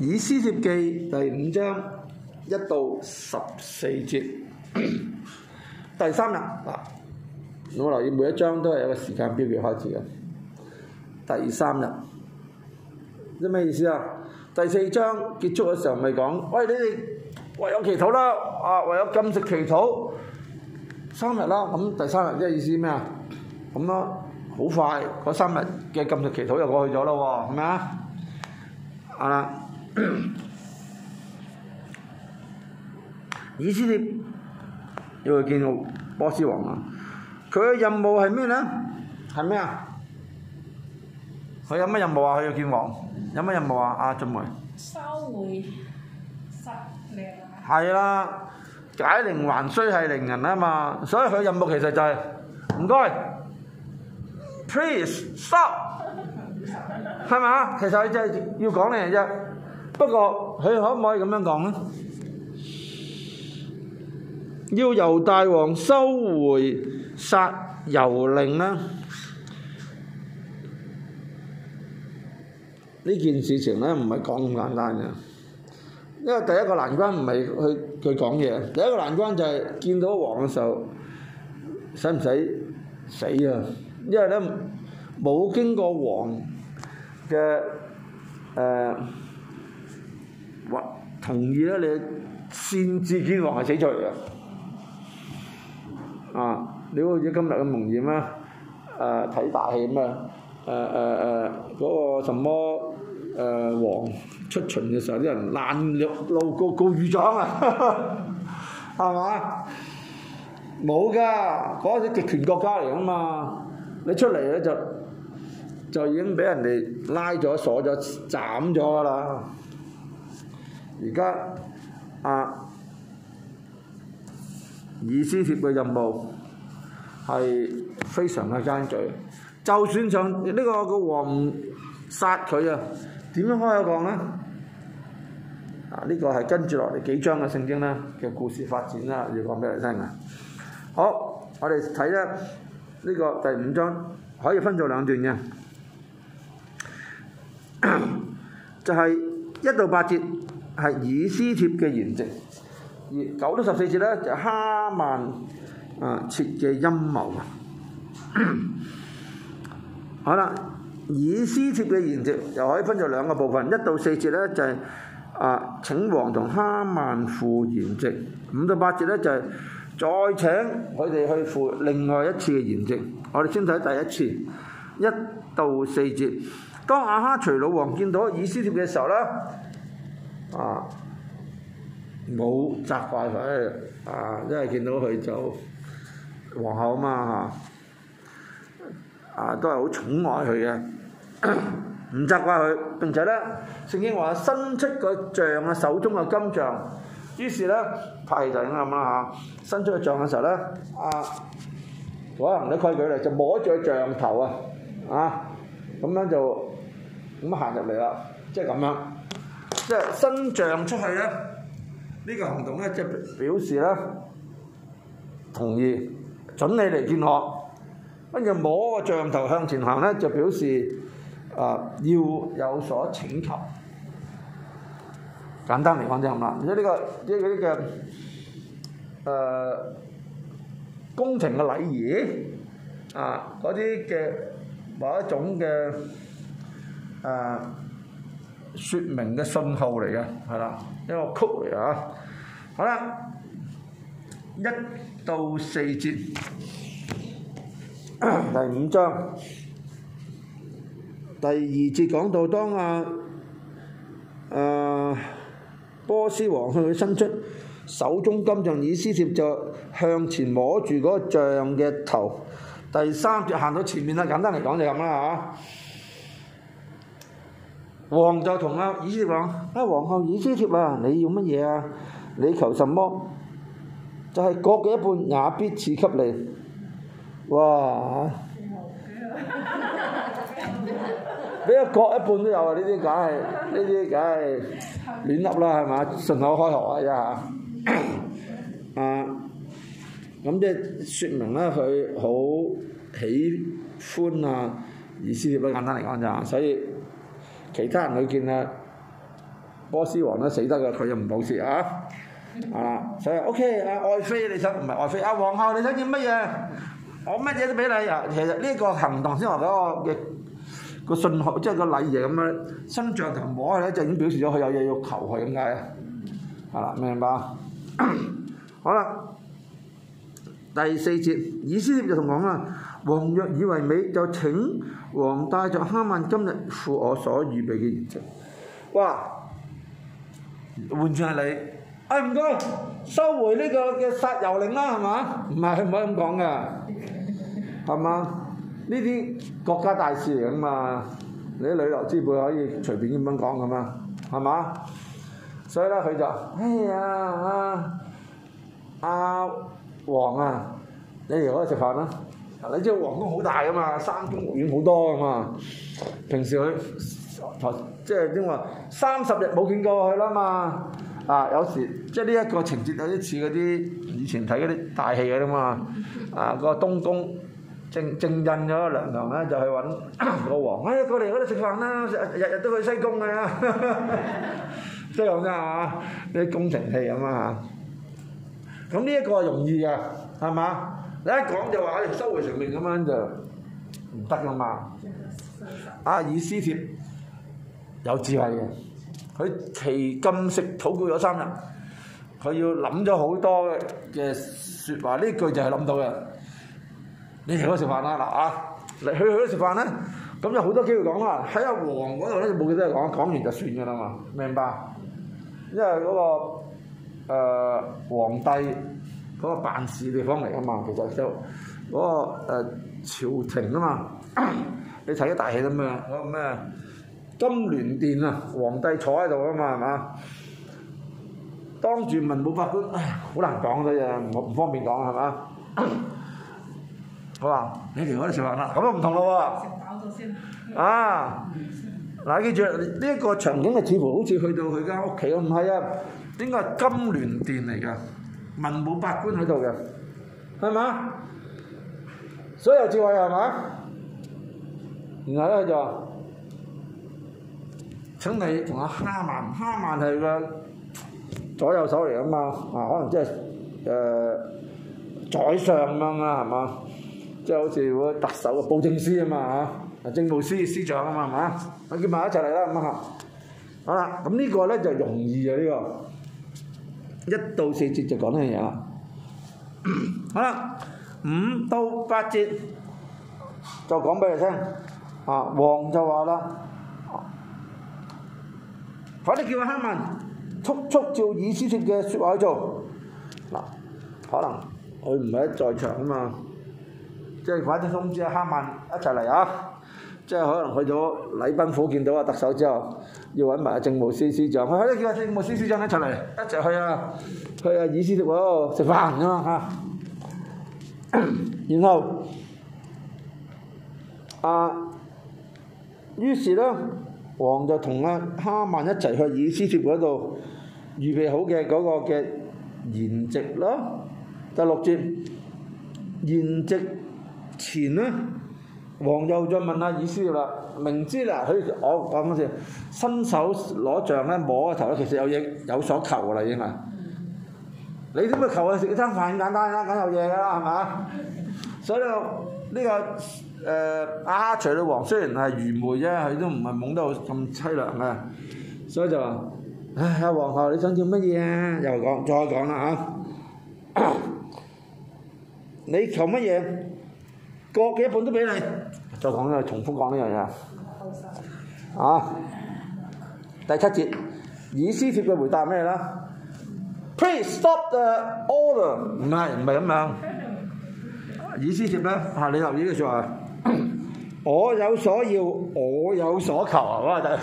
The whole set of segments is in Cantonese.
以斯帖記第五章一到十四節， 第三日嗱，我留意每一章都係有一個時間標記開始嘅。第三日，即咩意思啊？第四章結束嘅時候咪講，喂，你哋唯有祈禱啦，啊唯有禁食祈禱三日啦。咁第三日即係意思咩啊？咁咯，好快嗰三日嘅禁食祈禱又過去咗咯喎，係咪啊？啊！以色列要去見個波斯王啊！佢嘅任務係咩咧？係咩啊？佢有咩任務啊？去見王有咩任務啊？阿俊梅收回失靈啊！係啦，解鈴還須繫鈴人啊嘛，所以佢嘅任務其實就係唔該，please stop，係咪？其實就係要講嘅啫。不過佢可唔可以咁樣講呢？要由大王收回殺猶令呢？呢件事情呢，唔係講咁簡單嘅，因為第一個難關唔係佢佢講嘢，第一個難關就係見到王嘅時候，使唔使死啊？因為呢，冇經過王嘅誒。呃話同意啦！你擅自見王係死罪啊！啊！你好似今日咁容易咩？誒、呃、睇大戲咩？誒誒誒嗰個什麼誒、呃、王出巡嘅時候爛，啲人攔路告告御狀啊！係 嘛？冇噶，嗰陣時極權國家嚟噶嘛！你出嚟你就就已經俾人哋拉咗鎖咗斬咗啦～而家啊，以斯帖嘅任務係非常嘅艱巨，就算上呢個個王殺佢啊，點樣開口講呢？啊，呢個係跟住落嚟幾章嘅聖經啦，嘅故事發展啦，要講俾你聽啊！好，我哋睇咧呢個第五章可以分做兩段嘅，就係一到八節。係以斯帖嘅筵席，而九到十四節咧就係哈曼啊設嘅陰謀。 好啦，以斯帖嘅筵席又可以分作兩個部分，一到四節咧就係啊請王同哈曼赴筵席，五到八節咧就係再請佢哋去赴另外一次嘅筵席。我哋先睇第一次，一到四節。當亞哈隨魯王見到以斯帖嘅時候咧。啊！冇責怪佢，啊，因為見到佢做皇后嘛啊嘛啊都係好寵愛佢嘅，唔責怪佢。並且咧，聖經話伸出個杖啊，手中嘅金杖。於是咧，拍戲就咁啦嚇，伸出個杖嘅時候咧，啊，我行啲規矩咧，就摸住個杖頭啊，啊，咁樣就咁行入嚟啦，即係咁樣。即係伸杖出去咧，呢、這個行動咧，即係表示咧同意準你嚟見我，跟住摸個杖頭向前行咧，就表示啊、呃、要有所請求。簡單嚟講啫，係嘛、這個？而且呢個呢嗰啲嘅誒宮廷嘅禮儀啊，嗰啲嘅某一種嘅啊。呃説明嘅信號嚟嘅，係啦，一個曲嚟嚇。好啦，一到四節， 第五章，第二節講到當阿、啊、阿、啊、波斯王向佢伸出手中金杖以，以斯帖着向前摸住嗰杖嘅頭。第三節行到前面啦，簡單嚟講就咁啦嚇。啊王就同阿以斯帖講，啊皇后以斯帖啊，你要乜嘢啊？你求什麼？就係、是、國嘅一半也必賜給你。哇！俾一、嗯、 國一半都有啊！呢啲梗係，呢啲梗係亂笠啦，係嘛？順口開河啊，一、啊、下。啊，咁即係説明啦，佢好喜歡啊以斯帖啦，簡單嚟講就，所以。其他人佢見啦，波斯王都死得㗎，佢又唔報謝啊，嗯、啊，所以 O、OK, K，啊愛妃你想唔係愛妃啊皇后、啊、你想見乜嘢，我乜嘢都俾你啊，其實呢個行動先話俾我嘅個信號，即係個禮儀咁樣，心像就摸嚟就已經表示咗佢有嘢要求，佢咁解啊，係啦，明明白？ 好啦。第四節，以斯帖就同講啦：王若以為美，就請王帶著哈曼今日赴我所預備嘅筵席。哇，換轉係你，哎唔該，收回呢個嘅殺猶令啦，係嘛？唔係唔可以咁講嘅，係嘛？呢啲國家大事嚟噶嘛，你啲旅遊資本可以隨便咁樣講㗎嘛，係嘛？所以咧，佢就，哎呀啊，啊！王啊，你嚟我度食飯啦！你知王宮好大噶嘛，三宮六院好多噶嘛。平時佢即係點話，三十日冇見過佢啦嘛。啊，有時即係呢一個情節有啲似嗰啲以前睇嗰啲大戲嘅嘛。啊，嗰個東宮正正印咗娘娘咧，就係揾個王，哎呀過嚟我度食飯啦！日日都去西宮㗎、啊， 即係咁啫呢啲宮廷戲咁啊嚇。咁呢一個係容易嘅、啊，係嘛？你一講就話我哋收回成命，咁樣就唔得噶嘛？以斯帖有智慧嘅，佢禁食禱告咗三日，佢要諗咗好多嘅説話，呢句就係諗到嘅。你飯、啊、去去食飯啦，嗱啊，嚟去去都食飯啦，咁有好多機會講啊。喺阿黃嗰度咧，冇嘢都係講，講完就算嘅啦嘛，明白？因為嗰、那個。誒、呃、皇帝嗰個辦事地方嚟啊嘛，其實就嗰、那個、呃、朝廷啊嘛，你睇一大戲咁啊，嗰個咩金鑾殿啊，皇帝坐喺度啊嘛，係嘛？當住文武百官，唉，好難講嘅啲嘢，唔唔方便講係嘛？好話： 你哋嗰啲食飯啦，咁都唔同咯喎！啊，嗱， 啊、記住呢一、這個場景啊，似乎好似去到佢間屋企，唔係啊？應該係金鑾殿嚟噶，文武百官喺度嘅，係嘛？所有又智慧係嘛？然後咧就話：請你同阿哈曼，哈曼係個左右手嚟啊、就是呃就是、嘛，啊可能即係誒宰相咁啊，係嘛？即係好似我特首嘅布政司啊嘛嚇，啊政務司司長啊嘛係嘛？啊叫埋一齊嚟啦咁啊，好啦，咁呢個咧就是、容易啊呢、這個。一到四節就講呢樣嘢啦，好啦，五到八節就講俾你聽，啊王就話啦，快啲叫阿哈曼速速照以斯帖嘅説話去做，嗱，可能佢唔係一在場啊嘛，即係快啲通知阿哈曼一齊嚟啊，即係可能去咗禮賓府見到阿特首之後。要揾埋政務司司長，佢都叫阿政務司司長一齊出嚟，一齊去， 去啊，去阿以斯帖喎食飯啫，然後啊，於是呢，王就同阿哈曼一齊去以斯帖嗰度預備好嘅嗰個嘅筵席咯。第六節筵席前呢，王又再問阿以斯帖啦。明知啦，佢我講多次，伸手攞象咧摸個頭，其實有嘢有所求噶啦，已經啦。你點樣求啊？食餐飯咁簡單，梗梗有嘢㗎啦，係嘛？所以呢個呢個誒啊，亞哈隨魯王雖然係愚昧啫，佢都唔係懵到咁淒涼啊。所以就話唉，阿皇后你想做乜嘢啊？又講再講啦嚇，你求乜嘢？國嘅一半都畀你。再講呢個重複講呢樣嘢啊！啊，第七節，以斯帖嘅回答咩啦？Please stop the order。唔係唔係咁樣。 以斯帖咧，嚇你留意嘅説話。 我有所要，我有所求，係嘛？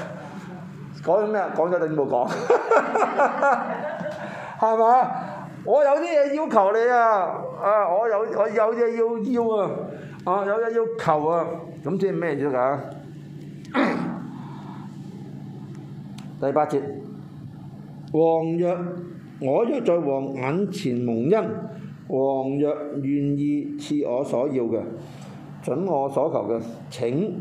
講咩？講咗定冇講？係 嘛？ 我有啲嘢要,、啊、要求你啊！啊，我有我有嘢要要啊！哦、啊，有嘢要求啊！咁即係咩意思啊？第八節，王若我若在王眼前蒙恩，王若願意賜我所要嘅，准我所求嘅，請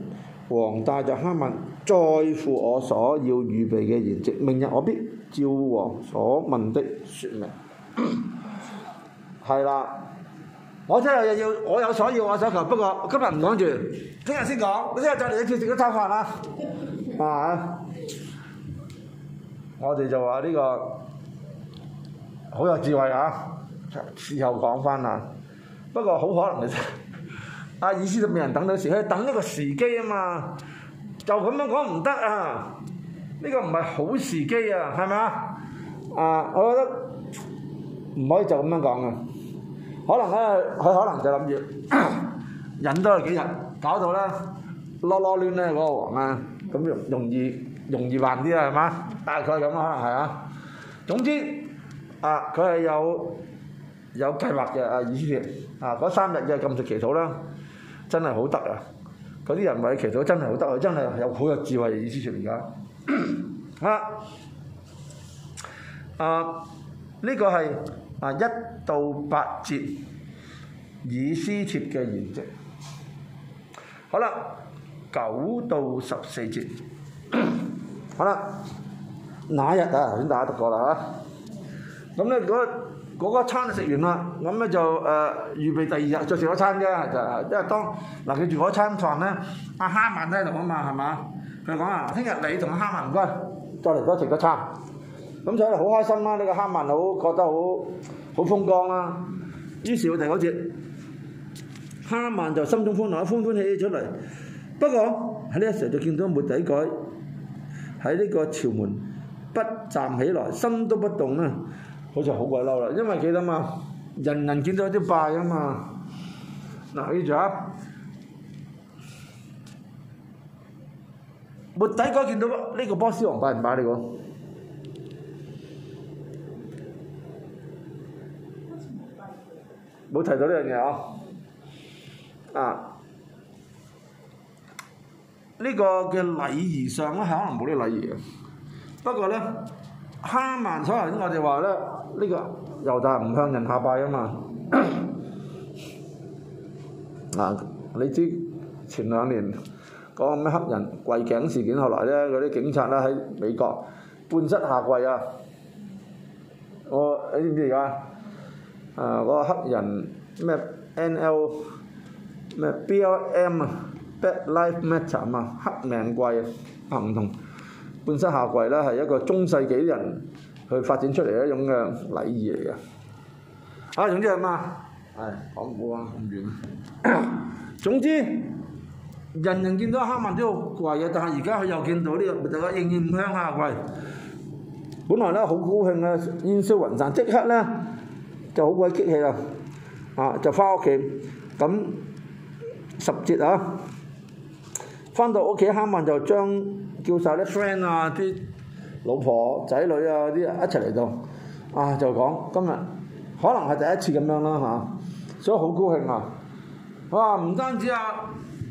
王大就開問，再赴我所要預備嘅筵席。明日我必照王所問的説明。係啦。 我今日又要我有所要，我所求。不過今日唔講住，聽日先講。你聽日再嚟一次食一餐飯啦，係、啊、我哋就話呢、這個好有智慧啊，事後講翻啦。不過好可能嘅，阿、啊、意思就畀人等到時，佢等一個時機啊嘛。就咁樣講唔得啊！呢、這個唔係好時機啊，係咪啊？啊，我覺得唔可以就咁樣講啊。可能咧，佢可能就諗住忍多幾日，搞到咧囉囉亂咧嗰個王啊，咁容容易容易還啲啊，係嘛？大概咁啦，可能係啊。總之啊，佢係有有計劃嘅啊，意思説啊，嗰三日嘅禁食祈禱啦，真係好得啊！嗰啲人為祈禱真係好得，佢真係有好有智慧嘅，意思説而家啊、啊，呢個係。啊！一到八節，以斯帖嘅筵席，好啦，九到十四節， 好啦，那一日啊，先大家讀過啦嚇。咁咧，如果嗰個餐食完啦，咁咧就誒預、呃、備第二日再食一餐嘅，就是、因為當嗱佢、啊、住嗰、啊、一餐飯呢，阿哈曼喺度啊嘛，係嘛？佢講啊，聽日你同阿哈曼唔該，再嚟多食多餐。咁所以好開心啦、啊！呢、這個哈曼好覺得好好風光啦、啊，於是佢提嗰次，哈曼就心中歡樂，歡歡喜喜出嚟。不過喺呢一時候就見到末底改喺呢個朝門不站起來，心都不動咧，好似好鬼嬲啦，因為記得嘛，人人見到啲拜啊嘛。嗱、啊，記住末底改見到呢個波斯王拜唔拜？你講？冇提到呢樣嘢哦，啊，呢、這個嘅禮儀上咧，係可能冇呢禮儀嘅。不過咧，哈曼所行，我哋話咧，呢個猶太唔向人下拜啊嘛。嗱，你知前兩年嗰、那個咩黑人跪頸事件，後來咧嗰啲警察咧喺美國半膝下跪啊。我你知唔知而家？誒，嗰個黑人咩 N L 咩 B L M 啊，Black Lives Matter 啊嘛，黑命貴啊，同同本身下跪咧係一個中世紀啲人去發展出嚟一種嘅禮儀嚟嘅。啊，總之係嘛？係講過啊，唔遠。總之，人人見到哈曼都要跪，但係而家佢又見到呢個，咪就話仍然唔向佢下跪。本來咧好高興嘅煙消雲散，即刻咧～就好鬼激氣啦！啊，就翻屋企咁十節啊，翻到屋企哈曼就將叫晒啲 friend 啊、啲老婆仔女啊啲一齊嚟到啊，就講今日可能係第一次咁樣啦、啊、嚇、啊，所以好高興啊！哇、啊，唔單止阿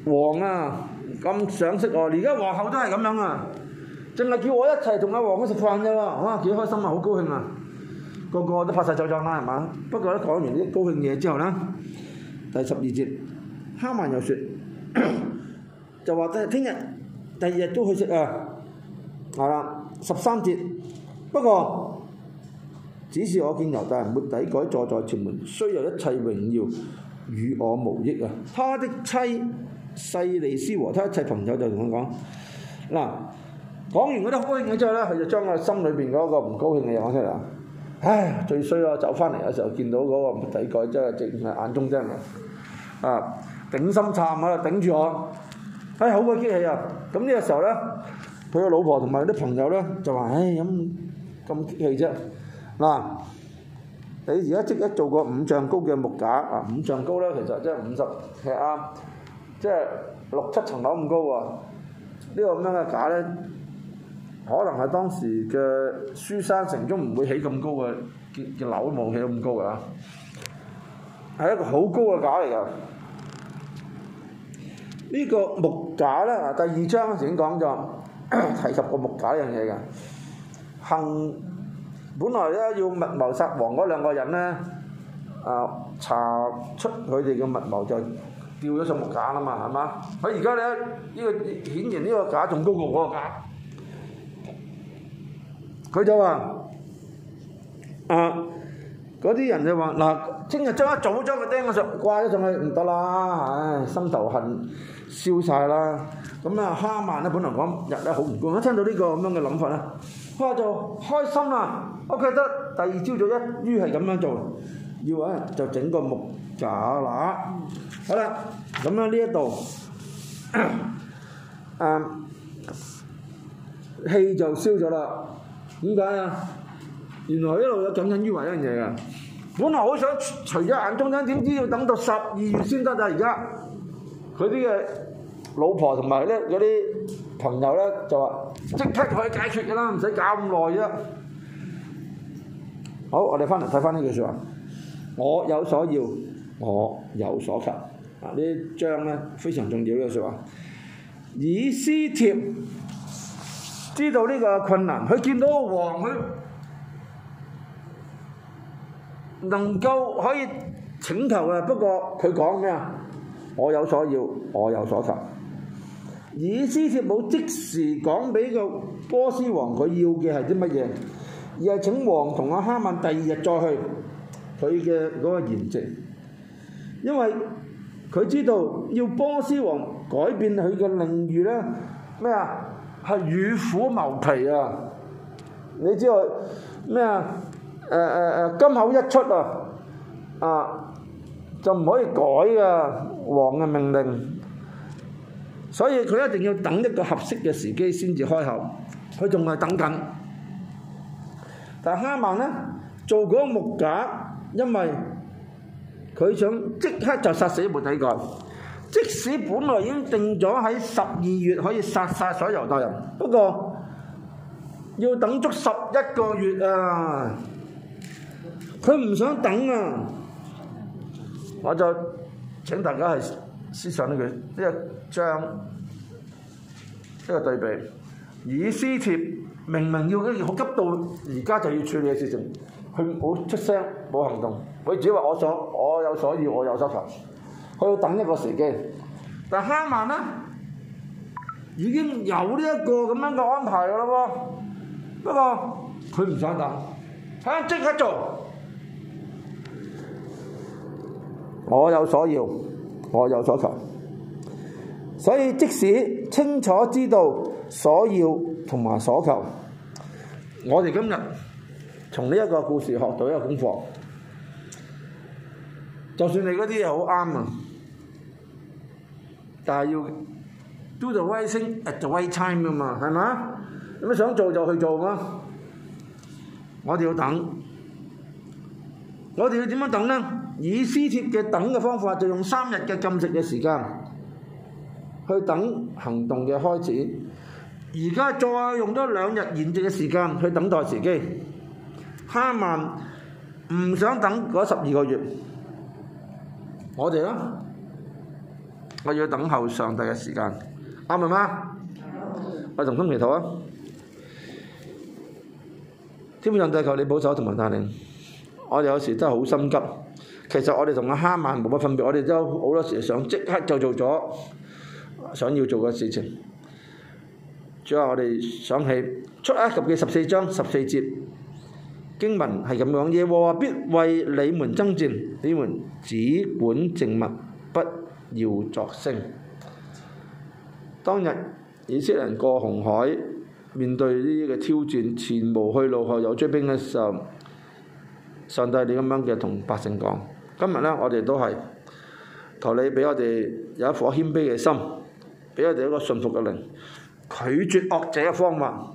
黃啊咁賞、啊、識我，而家皇后都係咁樣啊，淨係叫我一齊同阿黃去食飯咋喎！哇、啊，幾開心啊，好高興啊！個個都拍晒手掌啦，係嘛？不過咧講完啲高興嘢之後咧，第十二節，哈曼又說， 就話聽日、第二日都去食啊，係啦。 十三節，不過只是我見猶大人末底改坐在前門，雖有一切榮耀與我無益啊。他的妻細利斯和他一切朋友就同佢講，嗱，講完嗰啲高興嘢之後咧，佢就將個心裏邊嗰個唔高興嘅嘢講出嚟。唉，最衰咯！走翻嚟有時候見到嗰個末底改，真係直係眼中釘啊！頂心撐啊，頂住我！唉、哎，好鬼激氣，氣啊！咁呢個時候咧，佢個老婆同埋啲朋友咧就話：唉、哎，咁咁激氣啫！嗱、啊，你而家即刻做個五丈高嘅木架啊！五丈高咧，其實即係五十呎，其實即係六七層樓咁高喎、啊！這個、這呢個咁樣嘅架咧。可能係當時嘅書珊城中唔會起咁高嘅嘅樓，冇起咁高嘅啊！係一個好高嘅架嚟噶。呢、這個木架咧，第二章先講咗，提及個木架呢樣嘢嘅。行，本來咧要密謀殺王嗰兩個人咧，啊查出佢哋嘅密謀就掉咗上木架啦嘛，係嘛？喺而家咧，現呢、這個顯然呢個架仲高過嗰個架。佢就話，啊，嗰啲人就話，嗱、啊，聽日將一早將佢掟上掛咗上去，唔得啦，唉、哎，心頭恨消曬啦。咁咧，哈曼咧，本嚟講日咧好唔過，一聽到呢個咁樣嘅諗法咧，佢、啊、就開心啦。我覺得第二朝早一於係咁樣做，要啊就整個木架喇。嗯、好啦，咁咧呢一度，啊，氣就消咗啦。點解啊？原來一路有耿耿於懷一樣嘢嘅，本來好想除咗眼中呢，點知要等到十二月先得啊！而家佢啲嘅老婆同埋咧嗰啲朋友咧就話即刻可以解決嘅啦，唔使搞咁耐啫。好，我哋翻嚟睇翻呢句説話，我有所要，我有所求。」啊，呢一章咧非常重要嘅説話，以斯帖，知道呢個困難，佢見到王，佢能夠可以請求嘅。不過佢講咩啊？我有所要，我有所求。以斯帖冇即時講俾個波斯王佢要嘅係啲乜嘢，而係請王同阿哈曼第二日再去佢嘅嗰個筵席，因為佢知道要波斯王改變佢嘅領域咧咩啊？係與虎謀皮啊！你知我咩啊？誒誒誒，金口一出啊，啊就唔可以改噶王嘅命令，所以佢一定要等一個合適嘅時機先至開口，佢仲係等緊。但哈曼呢，做嗰個木架，因為佢想即刻就殺死末底改。即使本來已經定咗喺十二月可以殺晒所有猶大人，不過要等足十一個月啊！佢唔想等啊！我就請大家係思想呢、這個一章一個對比，以斯帖明明要好急到而家就要處理事情，佢冇出聲冇行動，佢只係話我想我有，所以我有執法。佢等一個時機，但哈曼咧，已經有呢一個咁樣嘅安排㗎咯喎，他不過佢唔想等，佢即刻做。我有所要，我有所求，所以即使清楚知道所要同埋所求，我哋今日從呢一個故事學到一個功課，就算你嗰啲嘢好啱啊！但係要 do the right thing at the right time 嘛，係嘛？咁啊想做就去做嘛。我哋要等，我哋要點樣等呢？以斯帖嘅等嘅方法，就用三日嘅禁食嘅時間去等行動嘅開始。而家再用多兩日延靜嘅時間去等待時機。哈曼唔想等嗰十二個月，我哋咧？我要等候上帝嘅時間，啱唔啱？我同心祈禱啊！天父上帝求你保守同埋帶領。我哋有時真係好心急，其實我哋同阿哈曼冇乜分別，我哋都好多時想即刻就做咗想要做嘅事情。最後我哋想起出埃及十四章十四節經文係咁講：耶和華必為你們爭戰，你們只管靜默不要作聲。當日以色列人過紅海，面對呢啲嘅挑戰，前無去路後，後有追兵嘅時候，上帝你咁樣嘅同百姓講：今日呢，我哋都係求你俾我哋有一顆謙卑嘅心，俾我哋一個信服嘅靈，拒絕惡者嘅方法，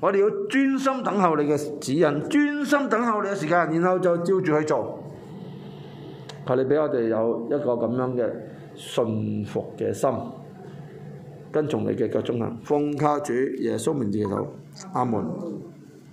我哋要專心等候你嘅指引，專心等候你嘅時間，然後就照住去做。求你俾我哋有一個咁樣嘅。信服嘅心，跟從你嘅腳蹤行。奉靠主耶穌，名字嘅口，阿門。